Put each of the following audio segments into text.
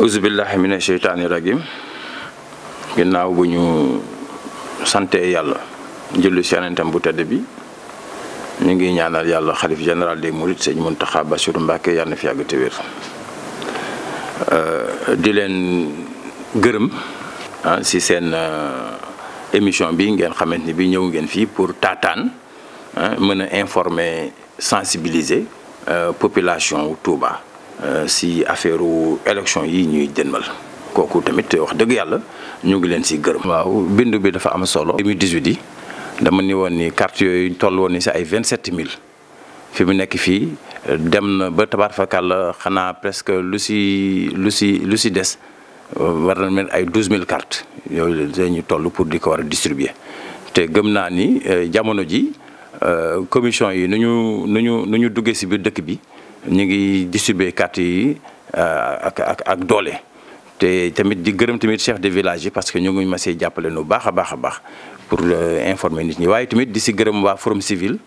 auzubillahi mina sheytaani rajim ginnaaw bu ñu sante yàlla julli si yonentam bu tedd bi ñu ngi ñaanal yàlla xalif général des mourides mën Mountakha Bassirou Mbacké yàlla na fi yàgg te wér euh, di leen gërëm si ah, seen euh, émission bi ngeen xamante ni bi ñëw ngeen fii pour taataan ah, mën a informer sensibiliser euh, population wu Touba Euh, si affaire élection yi ñuy dënmal kooku tamit wax dëgg yàlla ñu ngi leen si gërëm. waaw bindu bi dafa am solo. 2018 di dama ni woon ni carte yooyu toll woon ni si ay 27000 fi mu nekk fii dem na ba tabaar fakàlla xanaa presque lu si lu si lu si des war na mel ay 12000 cartes yooyu dañu toll pour di ko war a distribuer te gëm naa ni euh, jamono ji euh, commission yi nu ñu nu ñu ñu duggee si biir dëkk bi. ñu ngi distribuer carte yi euh, ak ak ak doole te tamit di gërëm tamit chef de village yi parce que ñu ngi ma see jàppale nu baax a baax a baax pour euh, informer nit ñi waaye tamit di si gërëm waa forum civil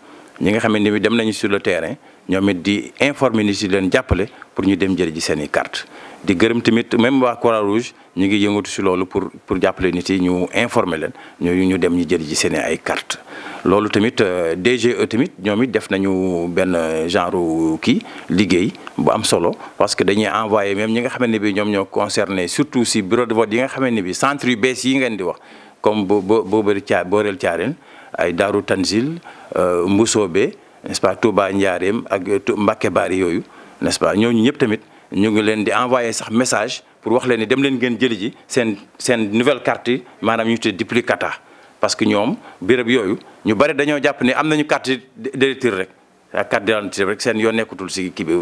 ñi nga xam ne dem nañu sur le terrain. ñoom it di informer ni si leen jàppale pour ñu dem jël ji seen i carte di gërëm tamit même waa Croix-Rouge ñu ngi yëngatu si loolu pour pour jàppale nit yi ñu informer leen ñu ñu dem ñu jël ji seen ay carte loolu tamit euh, DGE tamit ñoom it def nañu benn genre kii liggéey bu am solo parce que dañuy envoyé même ñi nga xamante ne bi ñoom ñoo concerné surtout si bureau de vote yi nga xamante ne bi centre yu bees yi ngeen di wax comme bo bo boobari caa booreel caareen ay Daaru Tanzil euh, be n'est-ce pas Touba Njaareem ak euh, Mbacke Bari yooyu nest pas ñooñu ñëpp tamit ñu ngi leen di envoyé sax message pour wax leen ni dem leen ngeen jëli ji seen seen nouvelle carte yi maanaam ñu tuddee duplicata parce que ñoom béréb yooyu ñu bari dañoo jàpp ne am nañu carte d'électeur rek ak carte d'identité rek seen yoon nekkatul si kii bi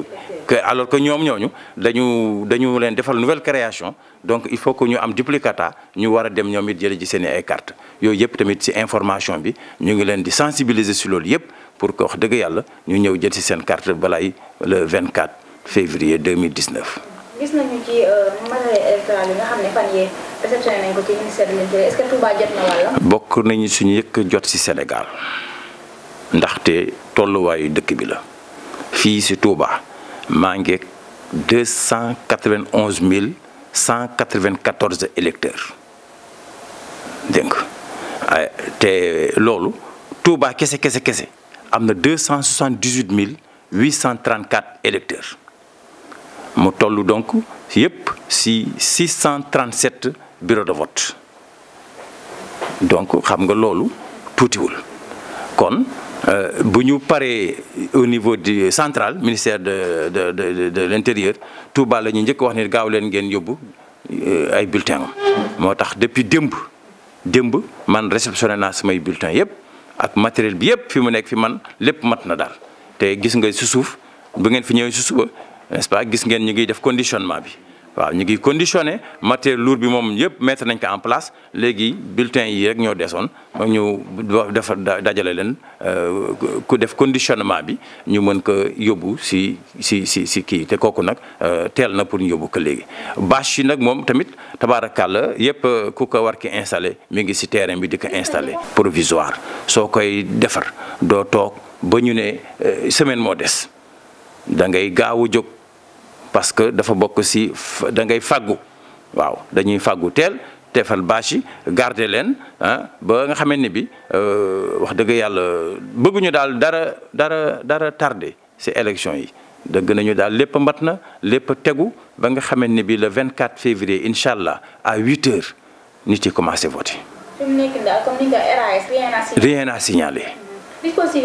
alors que ñoom ñooñu dañu dañu leen defal nouvelle création donc il faut que ñu am duplicata ñu war a dem ñoom it jëli ji seen i ay carte yooyu yëpp tamit si information bi ñu ngi leen di sensibiliser si loolu yëpp pour que wax dëgg yàlla ñu ñëw jël ci seen carte balaay le 24 février 2019. gis nañu ci euh, matériel bokk nañu suñu yëkk jot ci Sénégal ndaxte tolluwaayu dëkk bi la fii si Touba maa ngi ak 291 194 électeurs dégg nga ah, te loolu Touba kese kese kese. am na deux cent soixante dix huit mille huit cent trente électeurs mu toll donc yëpp si six cent trente sept bureaux de vote donc xam nga loolu tuutiwul kon. Euh, bu ñu paree au niveau du central ministère de de de de l'intérieur Touba la ñu njëkk wax ne gaaw leen ngeen yóbbu euh, ay bulletins am moo tax depuis démb démb man réceptionné naa samay bulletins yépp ak matériel bi yëpp fi mu nekk fi man lépp mat na daal te gis nga si suuf bu ngeen fi ñëwee si suba pas gis ngeen ñu ngi def conditionnement bi waaw ñu ngi conditionné matière lour bi moom yëpp mettre nañ ko en place léegi bulletin yi rek ñoo desoon ñu defar dajale leen euh, ku def conditionnement bi ñu mën ko yóbbu si si si si kii te kooku nag euh, teel na pour ñu yóbbu ko léegi. bâche yi nag moom tamit tabaarakàlla yëpp euh, ku ko war ki installé mi ngi si terrain bi di ko installé provisoire soo koy defar doo toog ba ñu ne semaine moo des da ngay gaaw a jóg. parce que dafa bokk si da ngay fàggu waaw dañuy fàggu teel teefal bâche yi garder leen ah ba nga xamante ne bi euh, wax dëgg yàlla bëgguñu daal dara dara dara tardé si élection yi dëgg nañu daal lépp mat na lépp tegu ba nga xamante ne bi le 24 février incha allah à 8 heures nit yi commencé voter. fi mu RAS rien à because euh,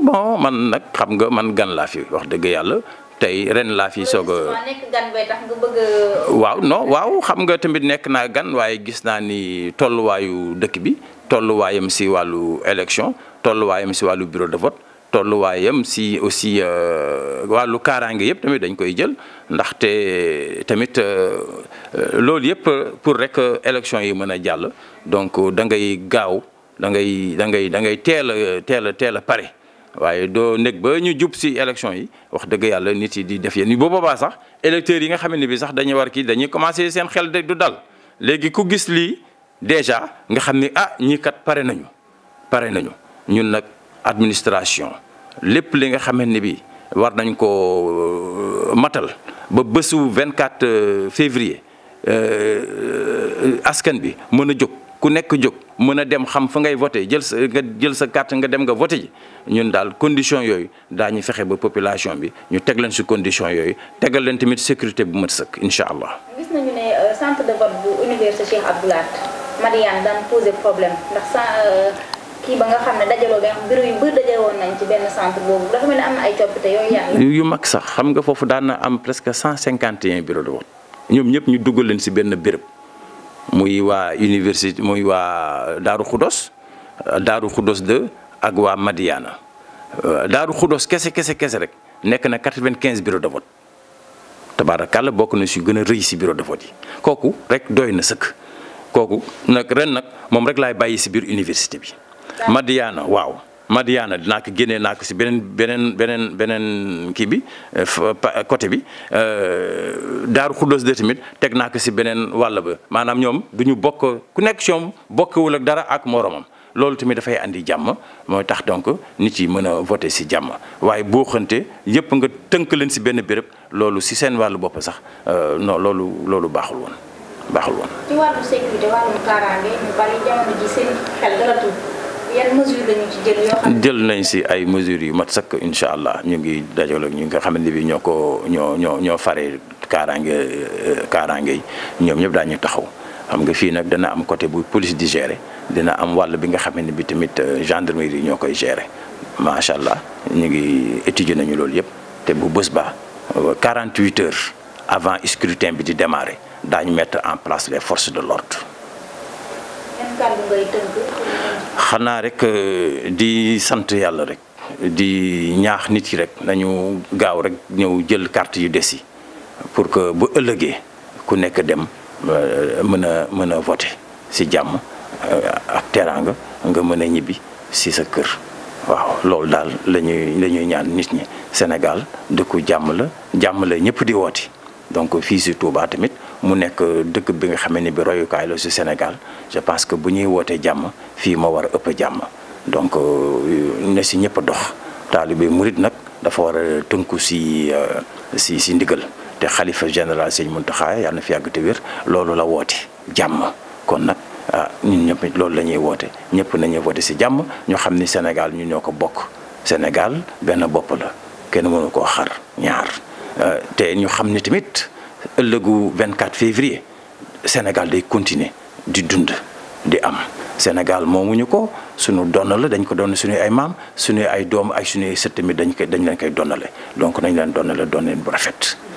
moo man nag xam nga man gan laa fi wax dëgg yàlla tey ren laa fi soog a. waaw xam nga tamit nekk naa gan waaye gis naa ni tolluwaayu dëkk bi tolluwaayam si wàllu élection tolluwaayam si wàllu bureau de vote. tolluwaayam si aussi euh, wàllu kaaraange yëpp tamit dañ koy jël ndaxte tamit euh, euh, loolu yëpp pour rek élection yi mën a jàll donc da ngay gaaw dangay ngay da ngay da ngay teel a teel a teel a pare waaye doo nekk ba ñu jub si élection yi wax dëgg yàlla nit yi di def yéen boo boobaa sax électeurs yi nga xam ne bi sax dañuy war kii dañuy commencé seen xel de du dal léegi ku gis lii déjà nga xam ni ah ñii kat pare nañu pare nañu ñun nag. administration lépp li nga xamante ne bi war nañ ko euh, matal ba bésu 24 euh, février euh, askan bi mën a jóg ku nekk jóg mën a dem xam fa ngay voté jël sa nga jël sa carte nga dem nga voté ji ñun daal condition yooyu daa daañu fexe ba population bi ñu teg leen si condition yooyu tegal leen tamit sécurité bu mat sëkk incha allah. gis nañu ne centre de vote bu université Cheikh Abdou Lahad Mariane daan posé problème ndax kii ba nga xam ne dajaloo nga xam yu ne am na ay coppite yooyu yàlla. yu mag sax xam nga foofu daan na am presque cent cinquante et un de vote ñoom ñëpp ñu duggal leen si benn béréb muy waa université muy waa Daaru Xudos Daaru Xudos 2 ak waa Madiana euh, Daaru Xudos kese kese kese rek nekk na quatre-vingt-quinze bureau de vote tabaarakàlla bokk na si gën a rëy si bureau de vote yi kooku rek doy na sëkk kooku nag ren nag moom rek lay bàyyi si biir université bi. Madiana waaw Madiana dinaa ko génnee naa ko si beneen beneen beneen beneen kii bi euh, côté bi euh, Daaru Xuddoos de tamit teg naa ko si beneen wàll ba maanaam ñoom du ñu bokk connexion bokkewul ak dara ak moromam loolu tamit dafay andi jàmm mooy tax donc nit yi mën a voté si jàmm waaye boo xante yëpp nga tënk leen si benn béréb loolu si seen wàllu bopp sax euh, non loolu loolu baaxul woon jël yoo nañ si ay mesures yu mat sakk incha allah ñu ngi dajale ñu nga xam ne bi ñoo ko ñoo ñoo ñoo fare kaaraange euh, kaaraange yi ñoom ñëpp daañu taxaw xam nga fii nag dana am côté bu police di gérer dina am wàll bi nga xam ne bi tamit euh, gendarmerie yi ñoo koy gérer macha allah ñu ngi étudier nañu loolu yëpp te bu bës ba 48 euh, heures avant scrutin bi di démarrer daañu mettre en place les forces de l'ordre xanaa rek euh, di sant yàlla rek di ñaax nit yi rek nañu gaaw rek ñëw jël carte yu des yi pour que bu ëllëgee ku nekk dem euh, mën a mën a voté si jàmm euh, ak teraanga nga mën a ñibbi si sa kër waaw loolu daal la ñuy la ñaan nit ñi Sénégal dëkku jàmm la jàmm la ñëpp di wooti donc fii si Touba tamit mu nekk dëkk bi nga xamee ni bi royukaay la si Sénégal je pense que bu ñuy wootee jàmm fii ma war a ëpp jàmm donc euh, ne si ñëpp dox taalibe murit nag dafa war a tënku si si si ndigal te xalifa général sëñ Muntaxa yàlla na fi yàgg te wér loolu la woote jàmm kon nag ah, ñun ñëpp loolu lañuy ñuy woote ñëpp nañu woote si jàmm ñu xam ni Sénégal ñu ñoo ko bokk Sénégal benn bopp la kenn mënu koo xar ñaar euh, te ñu xam ni tamit ëllëgu 24 février Sénégal day continuer di dund di am Sénégal moomuñu ko sunu donn la dañ ko doon suñuy ay maam suñuy ay doom ay suñuy sët tamit dañ koy dañ leen koy donnale donc nañ leen donnale doon bu rafet.